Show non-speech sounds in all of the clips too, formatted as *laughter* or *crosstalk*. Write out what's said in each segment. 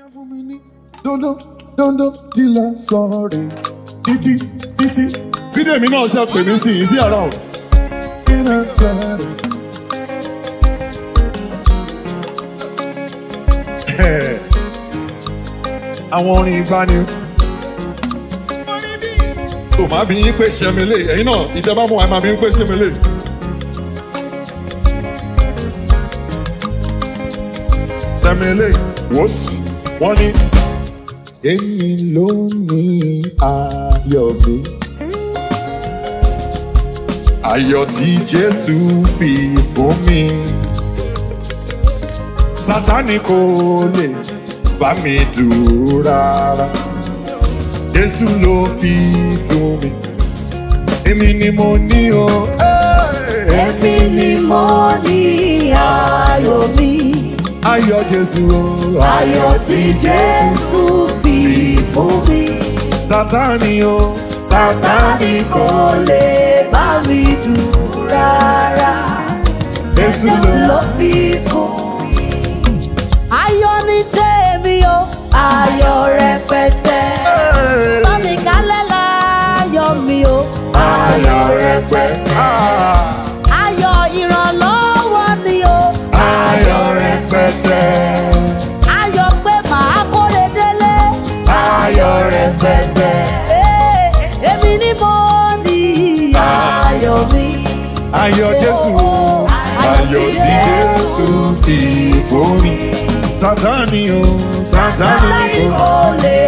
bóyá fún mi ní dandan dandan tí la sọ̀rọ̀ títí títí bídèmí náà ṣe pè mí sí ìsí àrà o. iná tẹ̀lé. àwọn orin ìgbani. tò má bí yín pé ṣẹ́milé ẹ̀yin náà ìjọba mú wa máa bí yín pé ṣẹ́milé. ṣẹ́milé wọ́sì wọ́n ní. èmi ló ní ayọ̀dé. ayọ̀ tí jésù fi fún mi. sátánì kò lè bá mi dùn rárá. jésù ló fi dùn mí. èmi ni mo ní o. èmi ni mo ní ayọ̀ mi ayọ̀ jésù o. ayọ̀ tí jésù fi fún mi. sátánì o. sátánì kò lè bá mi dùn rárá. jésù ló fi fún mi. ayọ̀ ni tèmi o. ayọ̀ rẹpẹtẹ. bá mi kálẹ̀ láyọ̀ mi o. ayọ̀ rẹpẹtẹ. Ah. ayọ̀ jésù ayọ̀ tí jésù fi borí sátánì o sátánì kò lè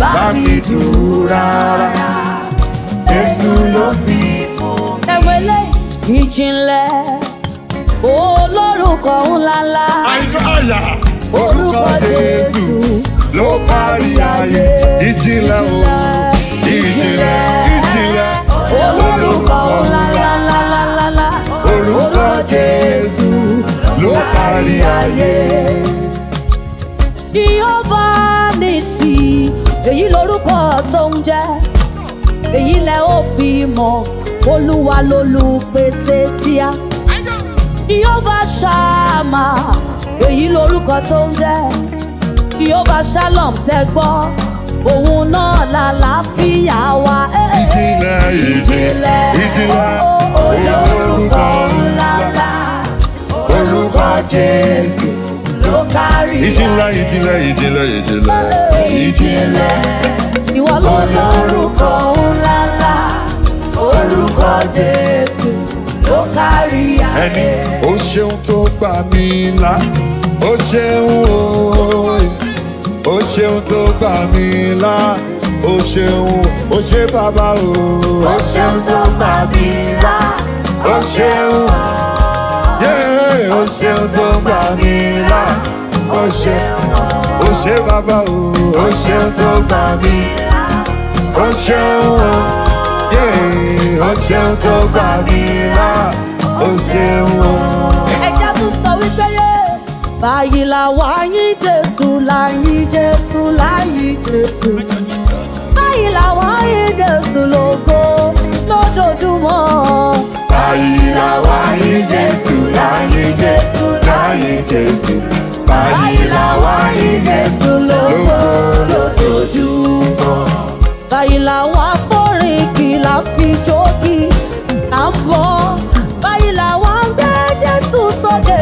bá mi dùn rárá jésù ló fi fún mi. ẹ̀wọ̀n ilé ìjìnlẹ̀ olórúkọ ńláńlá. àìgbá àyà orúkọ jésù ló parí ayé ìjìnlẹ̀ o ìjìnlẹ̀ ìjìnlẹ̀ olórúkọ ńláńlá òtítọ́ Jésù ló kárí ayé. Jèhófà nìsí èyí lorúkọ tó ń jẹ́ èyí lẹ ó fi mọ̀ olúwa lolùpèsè tíá. Jèhófà ṣàmà èyí lorúkọ tó ń jẹ́ Jèhófà ṣálọ̀m tẹ́ gbọ́ òun náà làlàáfíà wa. ìjìnlẹ̀ ìjìnlẹ̀ ìjìnlẹ̀ olórúkọ ńláńlá orúkọ Jésù ló kárí ayé ìjìnlẹ̀ ìjìnlẹ̀ ìjìnlẹ̀ ìjìnlẹ̀ ìjìnlẹ̀ ìwọ olórúkọ ńláńlá orúkọ Jésù ló kárí ayé. ẹni ó ṣeun tó gbà mí là ó ṣeun o ó ṣeun tó gbà mí là o ṣeun o ṣe bàbá o. o ṣeun tó gbà mí là o ṣeun o ṣeun tó gbà mí là o ṣeun o ṣe bàbá o. o ṣeun tó gbà mí o ṣeun o ṣeun tó gbà mí là o ṣeun. ẹja tún sọ wípé yé báyìí la wáyé Jésù láyé Jésù láyé Jésù àìláwáyé Jésù lógo lójoojúmọ́. àìláwáyé Jésù láyé Jésù láyé Jésù àìláwáyé Jésù lógo lójoojúmọ́. àìláwá forin kìlà fi jókì à ń bọ̀ àìláwá ń gbé Jésù sókè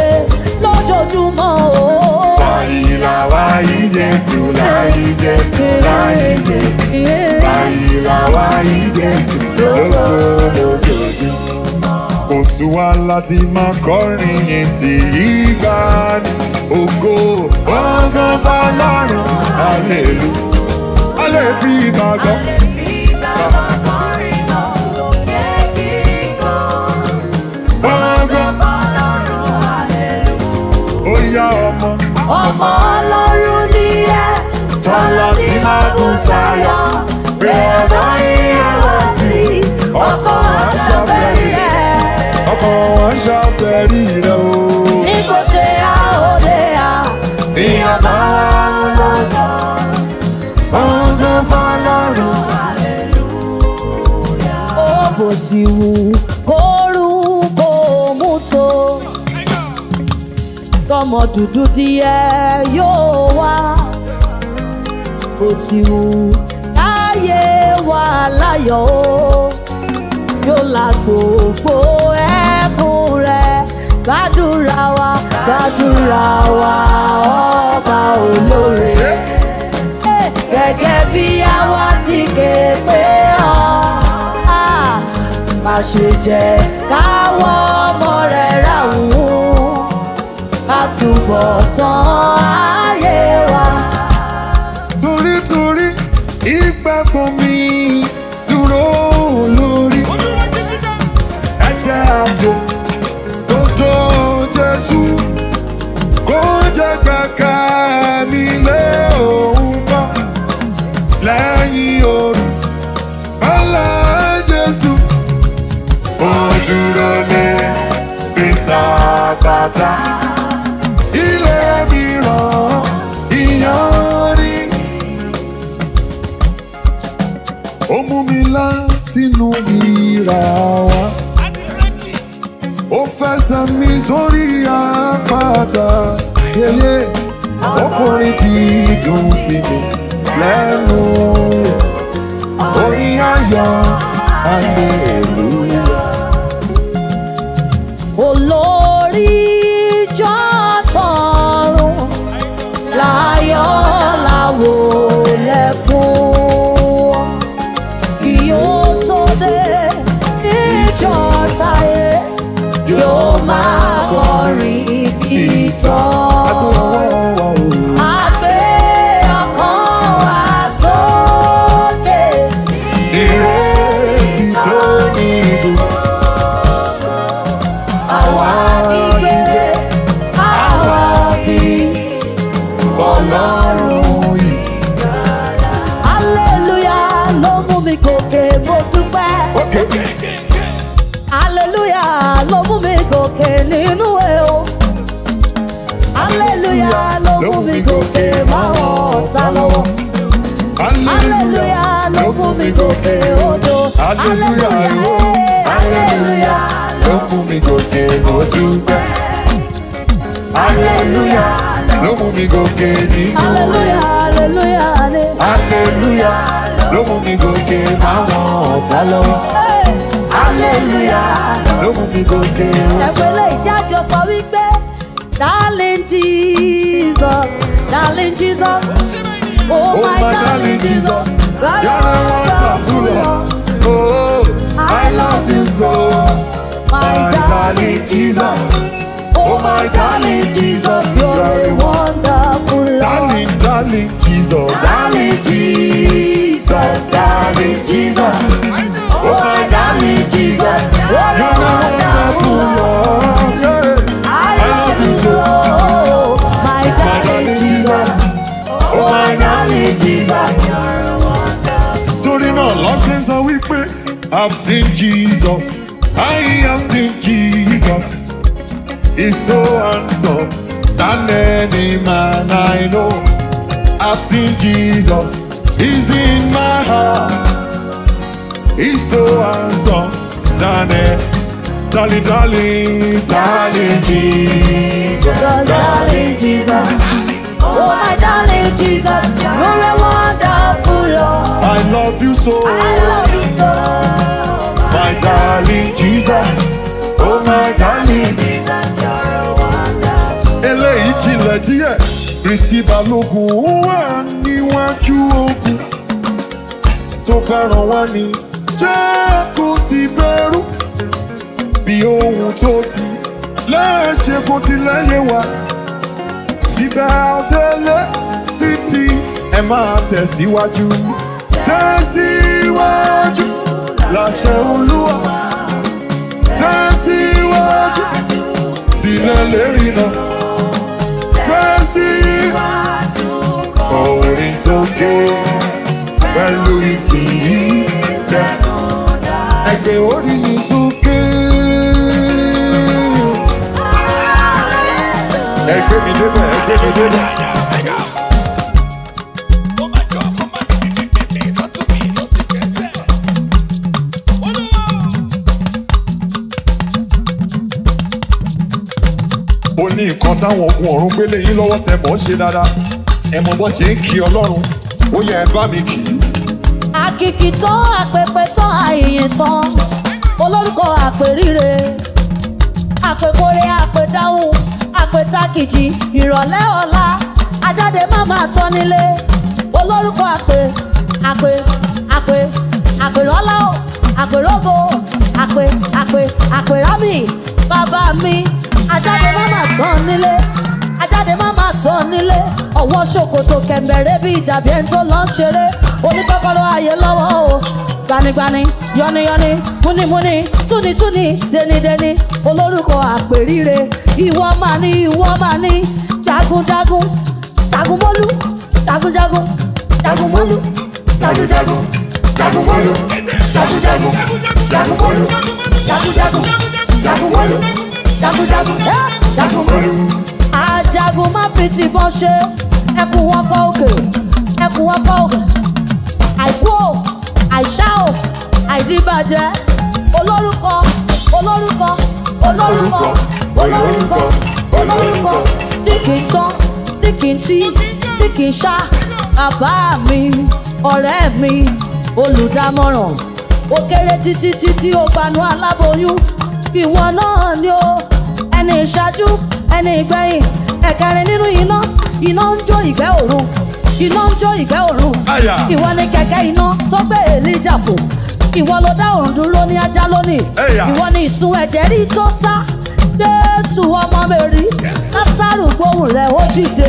lójoojúmọ́ o láyé láwáyé Jésù láyé Jésù láyé Jésù láyé láwáyé Jésù lójoojúmọ́ kò sùn wá láti máa kọrin yìí sí ìgbà ògo ọgọ́ bá lọ́rùn hallelujah Bible Messiah. Bẹ́ẹ̀rọ ELC, ọkọ̀ wọn ṣàfẹ́rí rẹ̀. Ọkọ̀ wọn ṣàfẹ́rí rẹ̀ o. Níbo ṣe a ó lè a? Bí ọba wa lọ́dọ̀, ọgọ́ fọlọ́run. Hallelujah. Ó bò ti wù kóru kó mú tó. Tọmọ dúdú díẹ̀ yóò wá kò ti wù láyé wà láyọ̀ o yóò la gbogbo ẹkún rẹ gbàdúrà wa gbàdúrà wa ọba olóore gẹ́gẹ́ bí àwa ti ké pé ọ ah, má ṣe jẹ́ káwọ́ ọmọ rẹ ràwùn ká túbọ̀ tán ayé wa. gbàgbọ́ mi dúró lórí ẹ̀jẹ̀ àjò tó tó Jésù kó jẹ́ gbàgbà mi lé òun kọ́ lẹ́yìn òru ọlá Jésù ó dúró lé Kristi mú mi látinú ìrà wá. Ó fẹsẹ̀ mi sórí àpáta yẹyẹ. Ó forí dídùn sí mi lẹ́nu yẹ. Ó ní ayọ̀ hallelujah. Olórí. láyọ̀ láwo. it's all mi gòkè máwọn ọ̀tá lọ́wọ́. Aleluya ló mú mi goke ojo. Hallelujah, ló Aleluya ló mú mi gòkè ojú pẹ́. Aleluya ló mú mi gòkè nínú Hallelujah, Aleluya Aleluya ló mú mi gòkè máwọn ọ̀tá lọ́wọ́. Aleluya ló mú mi gòkè ojú. Ẹ̀pẹ̀lẹ̀ sọ wípé, Dálẹ́ńdì. Jesus, darling Jesus. Oh, oh my, my darling Jesus, Jesus. you're the wonderful Lord. Oh, I, love you so. My darling Jesus. Oh my darling Jesus, you're a wonderful Lord. Darling, darling Jesus, darling Jesus, darling Jesus. Oh my darling Jesus, you're a wonderful Lord. have seen Jesus. I have seen Jesus. He's so handsome than any man I know. I've seen Jesus. He's in my heart. He's so handsome than any Darling, darling, darling Jesus. Oh, Jesus. Oh, my darling Jesus. You're a wonderful Lord. I love you so. I love Jesus, oh my darling Jesus, you're a wonder. Eléyìí jinlẹ̀ díẹ̀, Kristi Balógun wà níwájú ogun. Tó bá ràn wá ní jẹ́ kó sì bẹ̀rù. Bí ohun tó ti lẹ́ẹ̀ṣẹ̀ kó ti lẹ́yìn wa. Síbẹ̀ àtẹ̀lẹ́ títí ẹ máa tẹ̀síwájú. Tẹ̀síwájú làṣẹ Olúwa tẹ̀síwájú dìnnà lérí náà tẹ̀síwájú orin sókè pẹ̀lú ìtìyí ẹgbẹ́ orí mi sókè. ẹgbẹ́ mi débẹ̀ ẹgbẹ́ mi débẹ̀. ní nǹkan táwọn ogun ọ̀run gbélé yín lọ́wọ́ tẹ mọ̀ ṣe dáadáa ẹ mọ bọ́ ṣe ń kí ọlọ́run ó yẹ ẹ bá mi kì í. àkìkì tán àpèpè tán àyè tán olórúkọ àpèríre àpèkórè àpèdáhùn àpètàkìjì ìrọ̀lẹ́ ọ̀la ajáde má máa tán nílé olórúkọ àpè àpè àpè àpèrọ́lá àpèrọ́bọ̀ àpè àpè àpè rábì bàbá mi ajáde má má tán nílé ajáde má má tán nílé ọwọ́ ṣòkòtò kẹ̀m̀bẹ̀rẹ̀ bí ìjàbí ẹni tó lọ́n ṣeré oníkọ́kọ́rọ́ ayé lọ́wọ́ o gbanigbani yọniyọni múnimúni túnitúni denideni olórúkọ àpèríre ìwọ máa ní ìwọ máa ní jagunjagun jagunmólú jagunjagun jagunmólú jagunjagun jagunmólú jagunjagun jagunbolu jagunjagun jagunbolu jagunjagun jagunbolu. ajagun má fi tìbọn ṣe ẹkùn wọn kọ òkè ẹkùn wọn kọ òkè àìkú o àìṣá o àìdíbàjẹ́ olórúkọ olórúkọ olórúkọ olórúkọ olórúkọ sí kì í tán sí kì í tí sí kì í ṣá bàbá mi ọ̀rẹ́ mi olùdámọ̀ràn ó kéré títí títí ó banú aláboyún ìwọ náà ni o ẹni ìṣáájú ẹni ìgbẹ̀yìn ẹ̀kẹrin nínú iná iná ń jó ìgbẹ́ òru iná ń jó ìgbẹ́ òru ìwọ ni kẹ̀kẹ́ iná tó gbé èlíjà fò ìwọ ló dá òrùn dúró ní ajá lónìí ìwọ ni ìsun ẹ̀jẹ̀ rí tó sá jésù ọmọ mẹ́rin lásàrù gbóhùn rẹ̀ ó dìde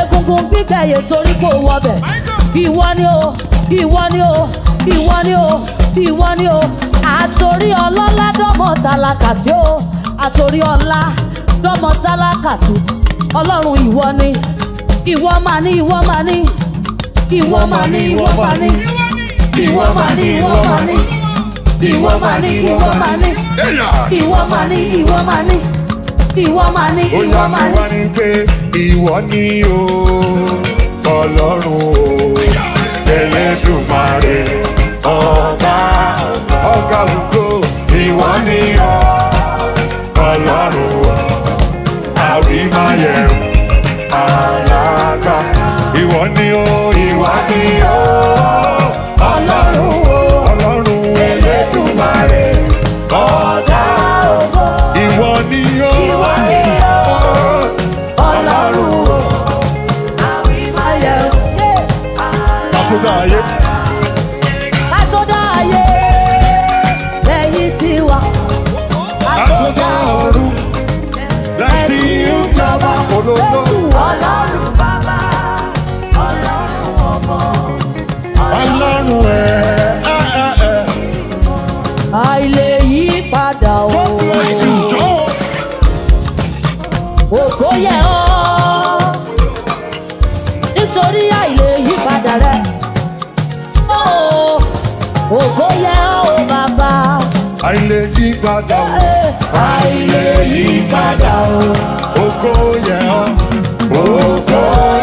egungun gbígbẹ̀yẹ torí kò wọbẹ̀ ìwọ ni o ìwọ ni o ìwọ ni o ìwọ ni o àtòrí ọlọ́lá dọ́mọ tálákà sí o àtòrí ọlá dọ́mọ tálákà sí ọlọ́run ìwọ ni ìwọ mà ní ìwọ mà ní ìwọ mà ní ìwọ mà ní ìwọ mà ní ìwọ mà ní ìwọ mà ní ìwọ mà ní ìwọ mà ní ìwọ mà ní ìwọ mà ní ìwọ mà ní. ó yà mí pé ìwọ ni o ọlọ́run o Ẹlẹ́dùmarè ọ̀gá ọ̀gá ògo ìwọ ni ọ ọlọ́run àrímáyẹ̀wò àlàkà ìwọ ni ó ìwọ ni ó ọlọ́run ọlọ́run Elédùmarè ọ. nítorí àìlè yípadà rẹ. Oh, ògo yẹ ọ́ bàbá. Àìlè yípadà o. Àìlè yípadà o. Ògo yẹ ọ́. Ògo yẹ ọ́.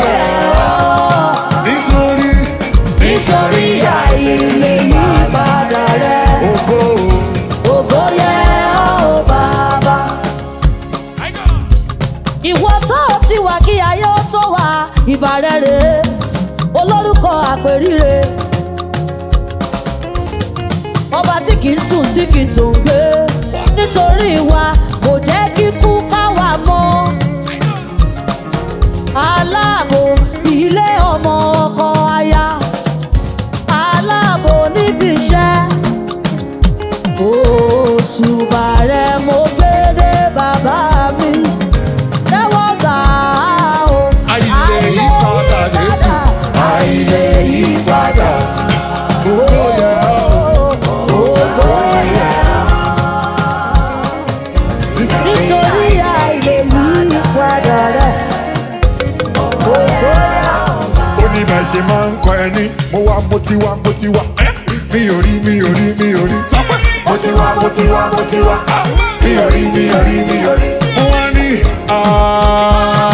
ríre ọba tí kì í sùn tí kì í tó ń gbé. wá mo ti wa, mo ti wá mi ò rí mi ò rí mi ò rí. sọ pé mo ti wá mo ti wá mo ti wá mi ò rí mi ò rí mi ò rí. mo wá ní. Ah.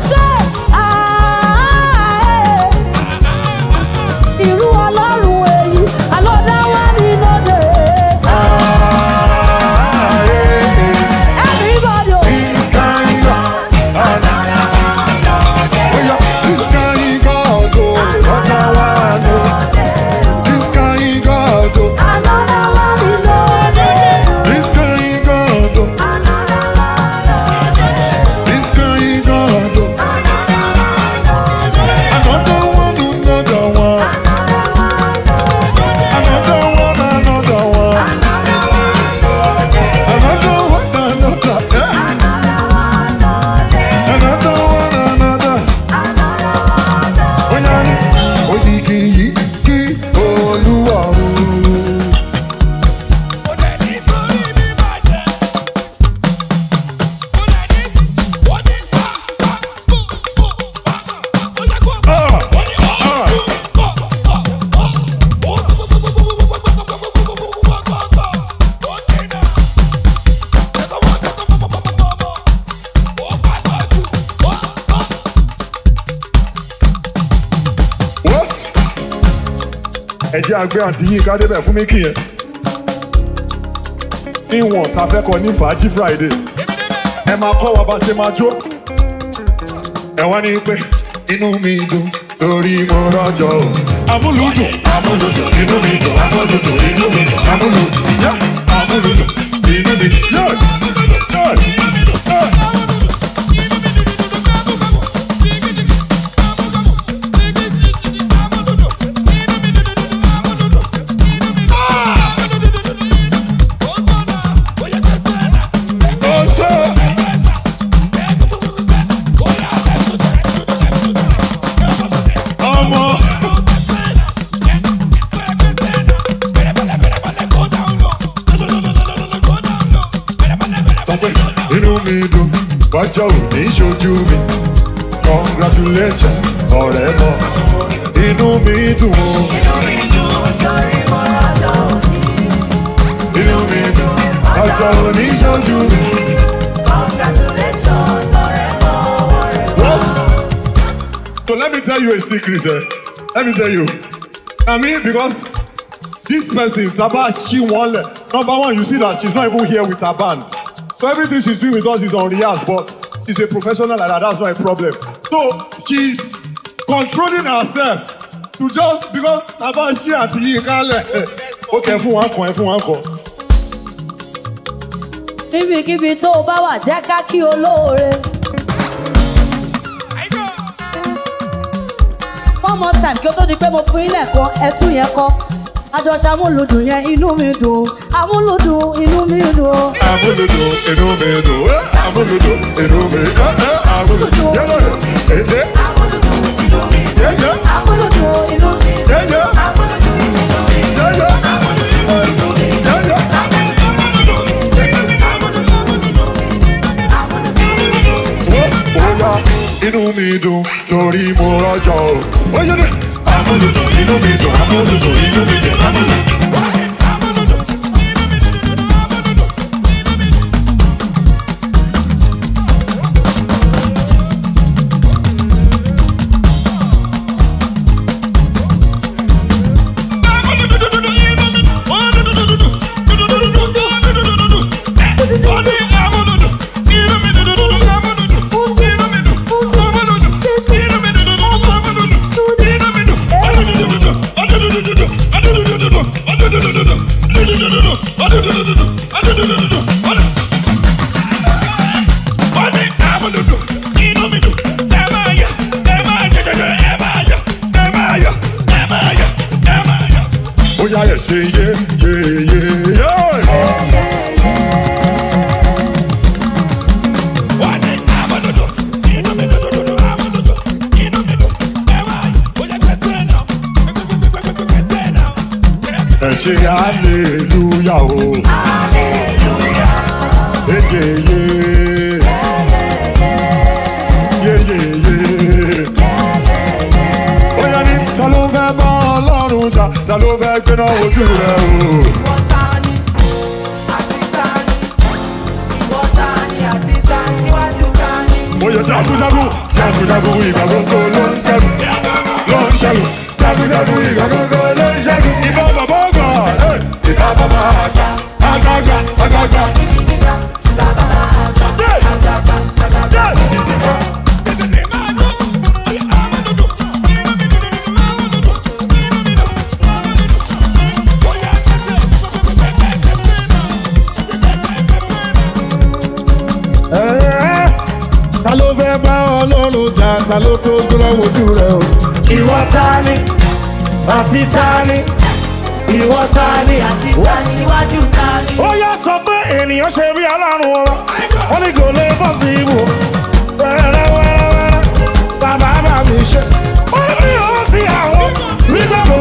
对。pé àǹtí Yínká débẹ̀ fún mi kìyẹn níwọ̀n ta fẹ́ kọ ní fàájì Friday ẹ máa kọ́ wa bá ṣe máa jó ẹ wá ní pé inú mi dùn torí mo rọ́jọ́ o amúlùdùn amúlùdùn inú mi dùn amúlùdùn inú mi dùn amúlùdùn amúlùdùn inú mi dùn. ọjọ́ òní ṣojú mi congratulation ọ̀rẹ́ mọ̀ inú mi dùn o. inú mi dùn ọjọ́ òní. ṣojú mi. what? so let me tell you a secret eh? let me tell you I mean, because this person taba she wan number one you see that she's not even here with her band so everything she's doing with us is on rehearse but is a professional and that's not a problem. So she's controlling herself to just because Tabashi àti Yinka *laughs* Okay, ó kẹ́ fún wa one ẹ fún wa tó o bá wà jẹ́ ká kí olóore. One more time kí o tó di pé mo fún ilé ẹ̀kọ́ ẹtú yẹn kọ́. Àjọṣe amúlùdùn yẹn inú mi dùn. Amúlùdùn inú mi dùn. Amúlùdùn inú mi dùn. I want to do it on me. Uh, uh, I want to do it on me. Yeah, yeah. I want to do it on me. Yeah, I want to do it on me. Yeah, I want to do it on me. Yeah, I want to do it on me. inú mi dùn torí mo rọjò ó. ó yẹ ní. àmójútó inú mi dùn àmójútó inú mi dùn àmójútó. ṣe hallelujah o. hallelujah. eyeye. yeyeye. ó Oya ni ta ló fẹ́ bá ọlọ́run jà ta ló fẹ́ gbéná ojú rẹ o. Oye jagunjagun jagunjagun ìgbàgbọ́ngàn ló ń ṣẹ́gun ló ń ṣẹ́gun jagunjagun ìgbàgbọ́ngàn. ta ló tó dúró wojú rẹ o. ìwọ ta ni àti ta ni ìwọ ta ni àti ta ni níwájú ta ni. ó yá sọ pé ènìyàn ṣe bí alárùn ọ̀rọ̀ wọ́n ní kò lè bọ́ sí ibò wẹ́rẹ́ wẹ́rẹ́ wẹ́rẹ́ bàbá bàbá mi ṣe ó ní ó sí àwọn nígbà tó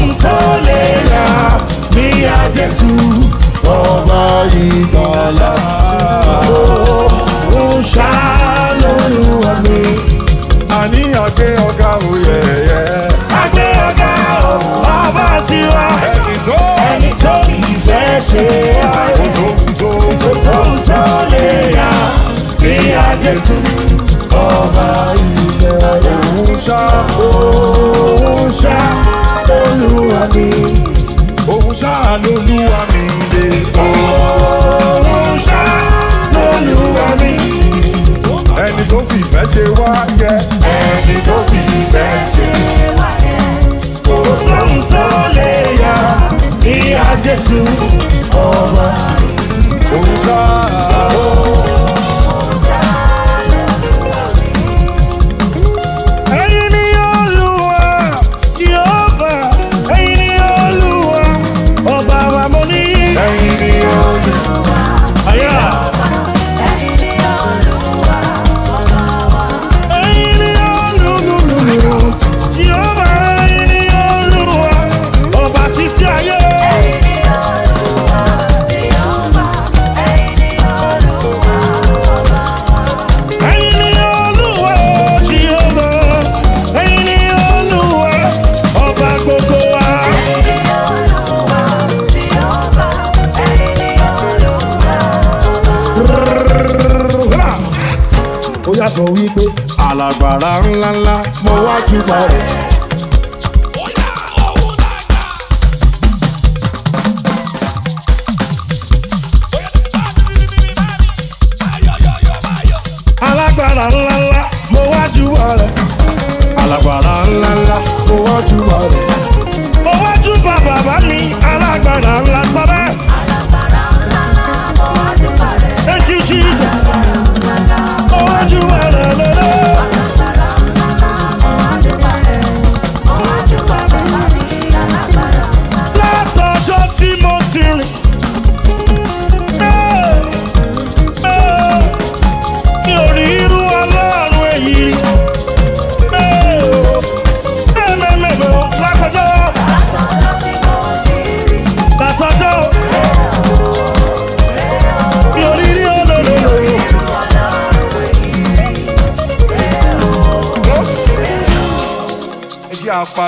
sóhun tó lè rà mí á Jésù ọba ìgbàlà ó oh, oh, ṣàánú wa mi. àní àgbé ọ̀gá òye yẹ. àgbé ọ̀gá ọba tiwa ẹni tó ẹni tó ìfẹ́ ṣe wá yẹ. kò sóhun tó lè rà mí á Jésù ọba ìgbàlà ó ṣàánú wa mi olúwa mi. òun ṣáà lolúwa mi lè kọ́. òun ṣáà lolúwa mi. ẹni tó fi ìfẹ́ ṣe wá yẹ. ẹni tó fi ìfẹ́ ṣe wá yẹ. kò sóhun tó lè yà ìyá Jésù ọba. òun ṣáà. àpárá ńláńlá mo wá túbọ̀ rẹ̀.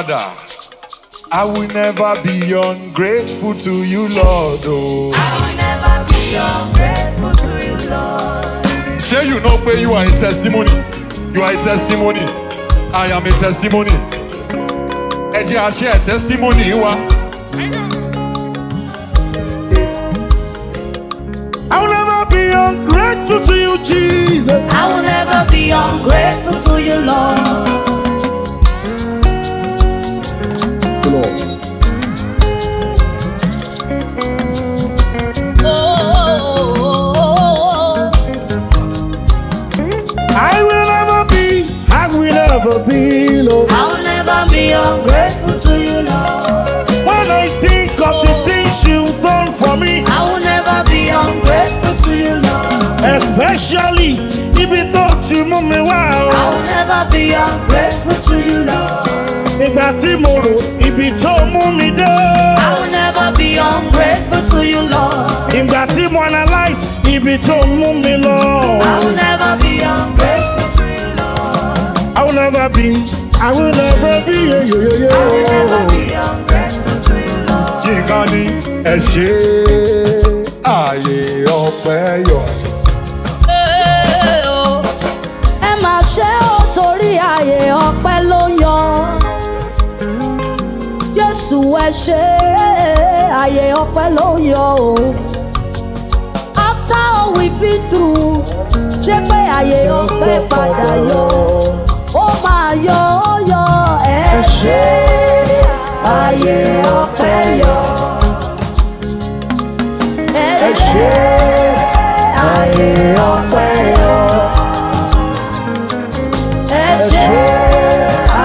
Father, I will never be ungrateful to you, Lord. Oh. I will never be ungrateful to you, Lord. Say you know where you are a testimony. You are a testimony. I am a testimony. you are share testimony you wa. I will never be ungrateful to you, Jesus. I will never be ungrateful to you, Lord. never be low. I'll never be ungrateful to you, Lord. When I think of the things you've done for me, I will never be ungrateful to you, Lord. Especially ibi tó ti mú mi wá o. I will never be ungrateful to you, Lord. Ìgbà tí mo rò ibi tó mú mi dé. I will never be ungrateful to you, I will never be, I will never be, yeah, yeah, yeah. I will never be ungrateful to you, Lord. Yínká ní ẹ ṣe ààyè ọpẹ́ yọ. Oh. Ẹ máa ṣe ó torí ààyè ọpẹ́ ló yan. Jésù ẹ ṣe ààyè ọpẹ́ ló yan o. After all we've been through, ṣé pé ààyè ọpẹ́ padà yọ ayọ̀ yọ ẹ ṣe ayé ọpẹ́ yọ ẹ ṣe ayé ọpẹ́ yọ ẹ ṣe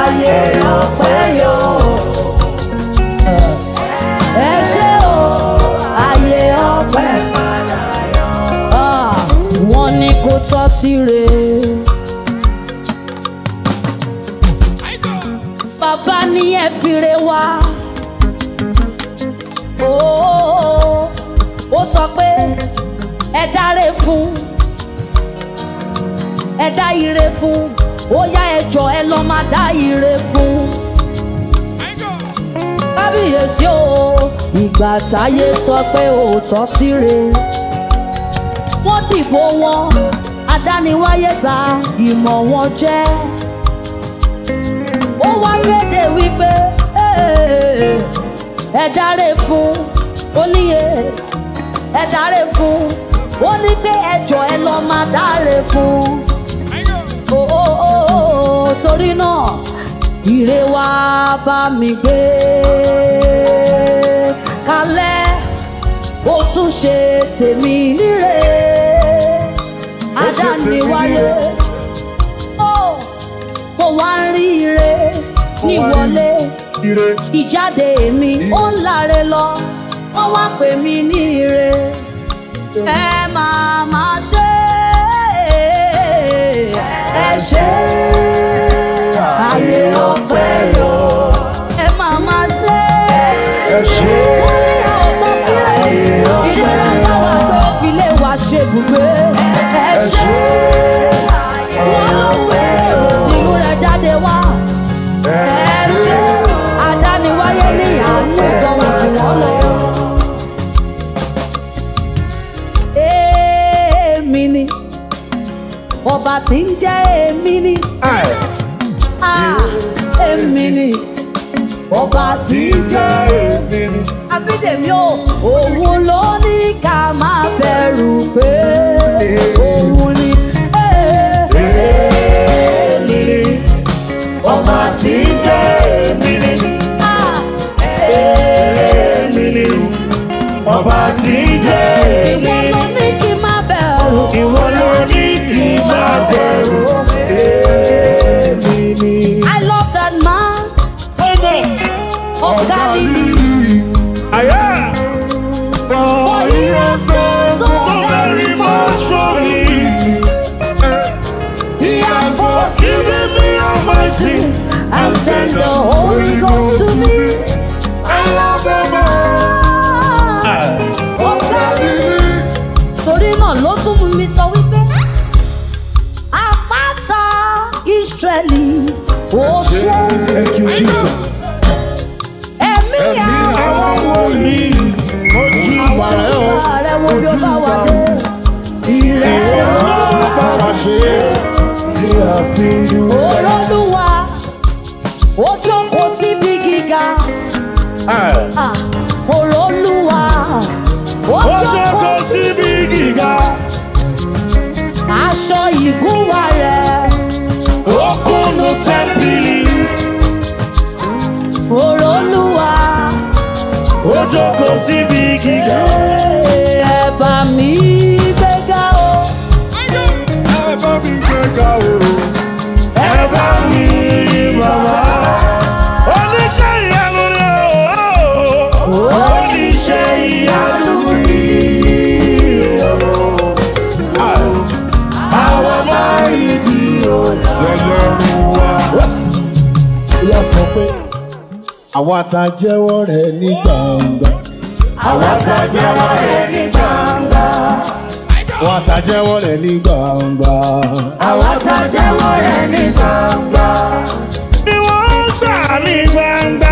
ayé ọpẹ́ yọ. Ẹ ṣé o, ayé ọpẹ́. Ah, wọ́n ní kó tọ́ sí rèé. ire wá. ó sọ pé ẹ dáre fún ẹ dá ire fún ó yá ẹ jọ̀ọ́ ẹ lọ máa dá ire fún. kábíyèsí o ìgbà táyé sọ pé òótọ́ síre wọ́n dìbò wọn adániwáyé gba ìmọ̀ wọn jẹ́ ó wá rédè wípé ẹ dáre fún oníye ẹ dáre fún ó ní pé ẹjọ́ ẹ lọ máa dáre fún ooo oh, oh, oh, torí náà ire wá bá mi gbé kalẹ̀ ó tún ṣe tèmi níre ajá ó kò wá ń rí ire ní wọlé ire. ìjáde èmi ó ń láre lọ wọ́n wá pè mí ní ire ẹ máa máa ṣe ẹ ṣe ayé ọpẹ́ yọ ẹ máa máa ṣe ẹ ṣe ayé ọpẹ́ yọ ilé bàbá wa pé ó fi lè wá ṣe ibùgbé ẹ ṣe ayé ọpẹ́ yọ. bá ti ń jẹ́ èmi ni. Ah, èmi ni. ọba ti ń jẹ́ èmi ni. Abídèmí o òun ló ní ká máa bẹ̀rù pé òun ni. Jesus. ẹ̀mí àwọn wòlíì ojú ìwà rẹ̀ o ojú ìwà ìrẹ̀ ọ̀rọ̀ bá wa ṣe bí a fi dùn. olódùwà ó tó kó síbi gíga. olódùwà ó tó kó síbi gíga. aṣọ ìgúnwà rẹ̀. jókòó síbi gíga. ẹ bá mi. àwa tá jẹ́wọ́ rẹ̀ ní gbangba. àwa tá jẹ́wọ́ rẹ̀ ní gbangba. àwa tá jẹ́wọ́ rẹ̀ ní gbangba. àwa tá jẹ́wọ́ rẹ̀ ní gbangba. ni wọ́n gbà ní gbangba.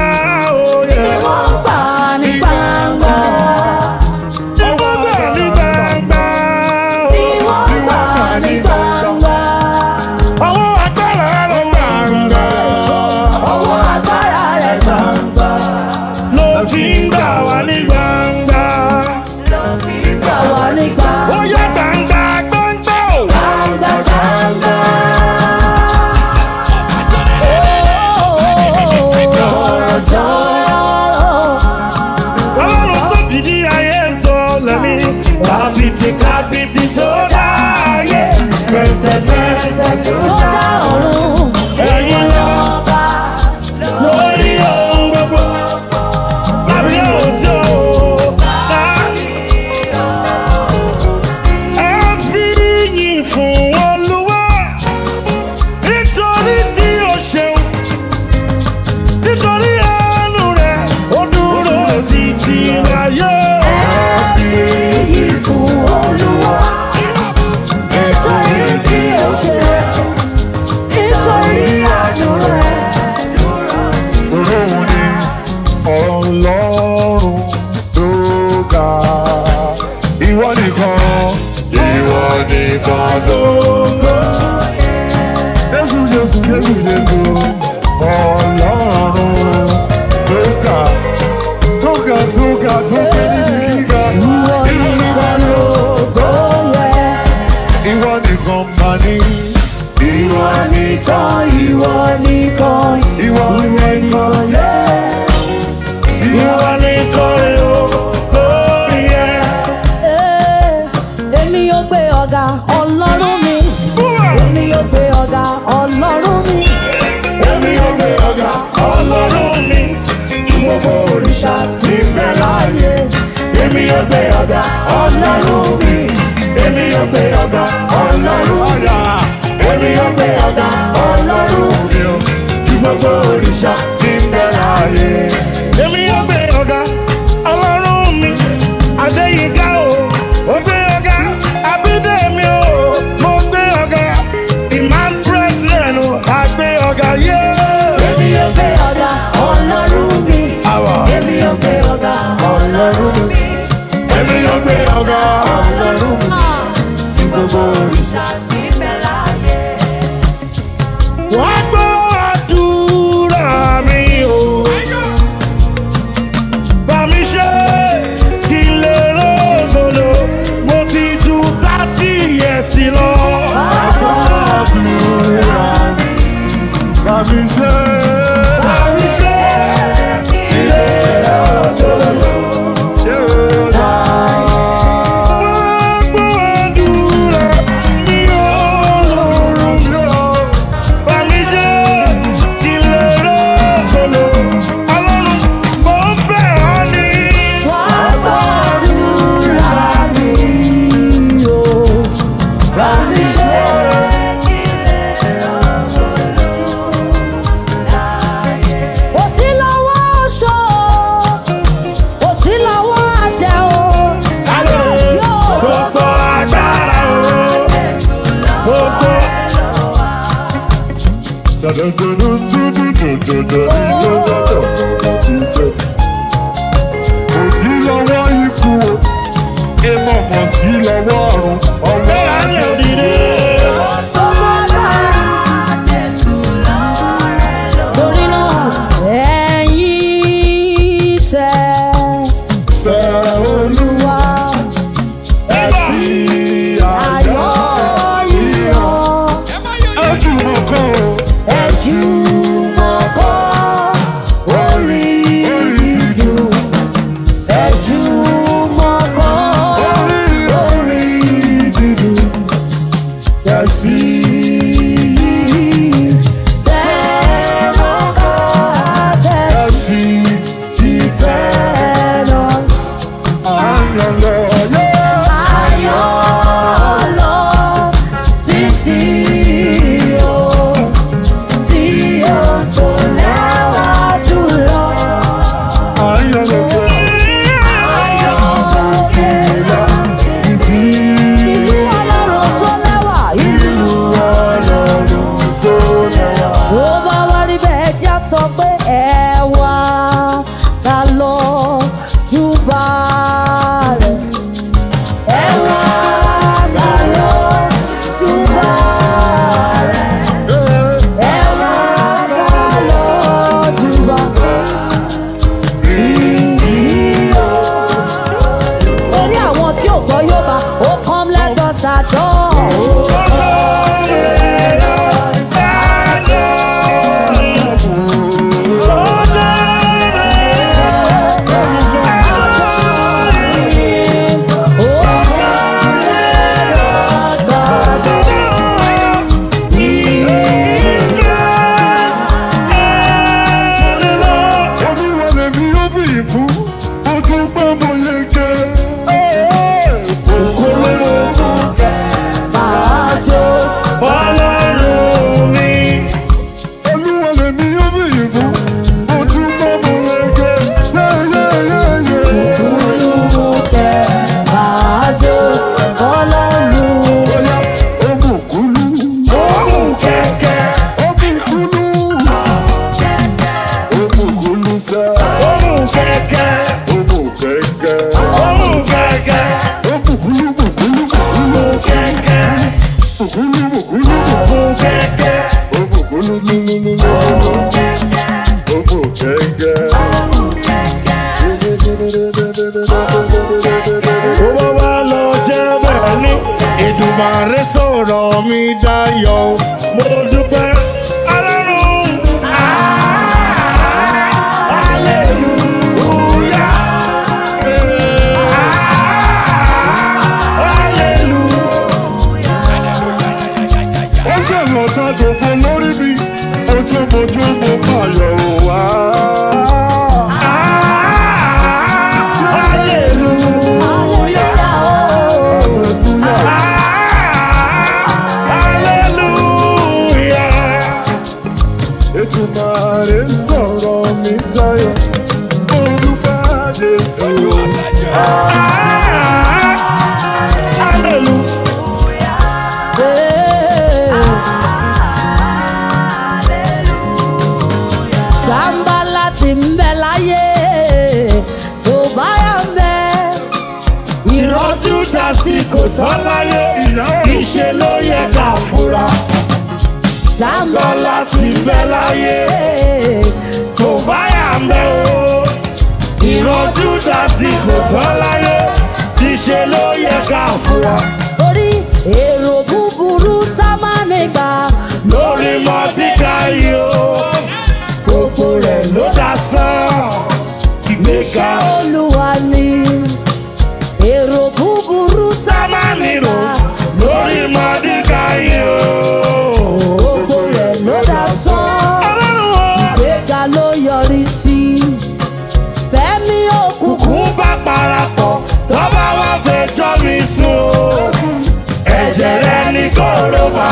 sí lọ́wọ́ ọ̀run.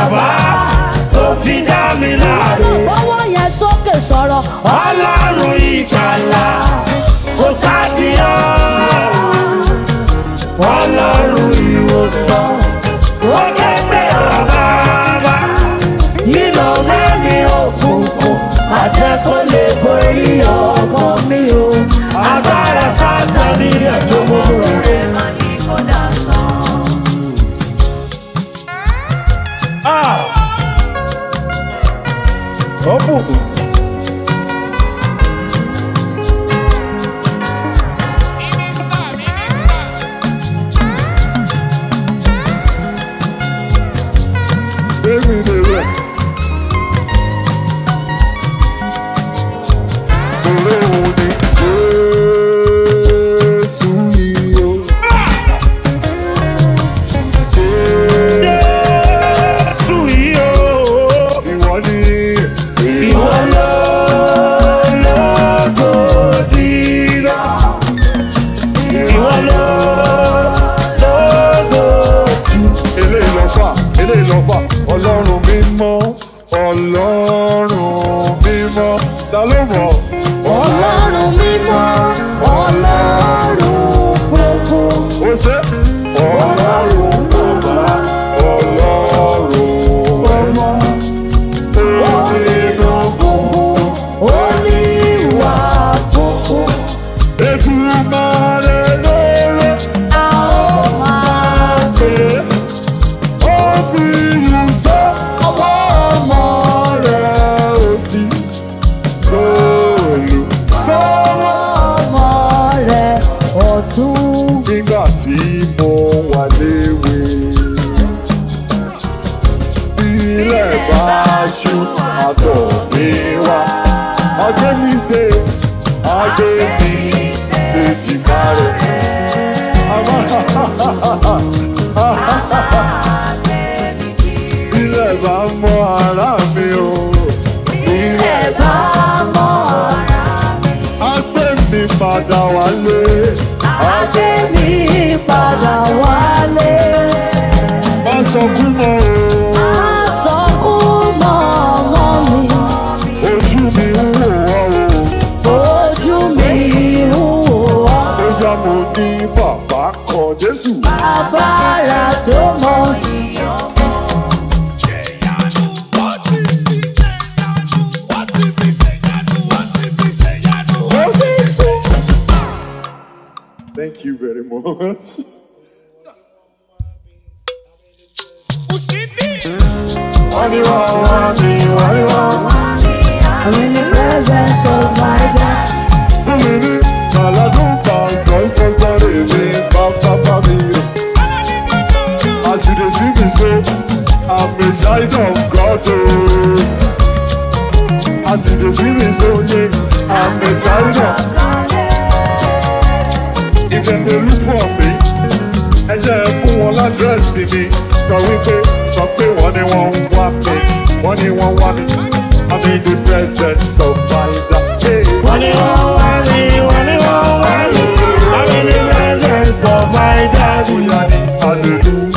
bàbá tó fi dá mi láre. Bọ́wọ́ yẹn sókè sọ̀rọ̀. Ọlọ́run ìgbàlà kò sádìyàn. Ọlọ́run ìwòsàn ó kẹ́gbẹ́ bàbá bá. Nínú lẹ́ni òkùnkùn àjẹkọ́ lè borí ọ. ọlọ́run mímọ́ ta ló mọ̀ ọlọ́run mímọ́. wálé. ajé mi padà wálé. bá sọ kú o. moment. What do you want, what do the presence of my Baby, kala dumpa, so so baby, As you see me so, I'm a child of God. As you see me so, I'm a child of God. jẹ́ look for me ẹ jẹ́ fún wọn ládírẹ́sì mi sọ wípé sọ pé wọ́n ní wọ́n ń wá mi wọ́n ní wọ́n wá mi I'm the presence of my daddy. wọ́n ní wọ́n wá mi wọ́n ní wọ́n wá mi I'm the presence of my daddy.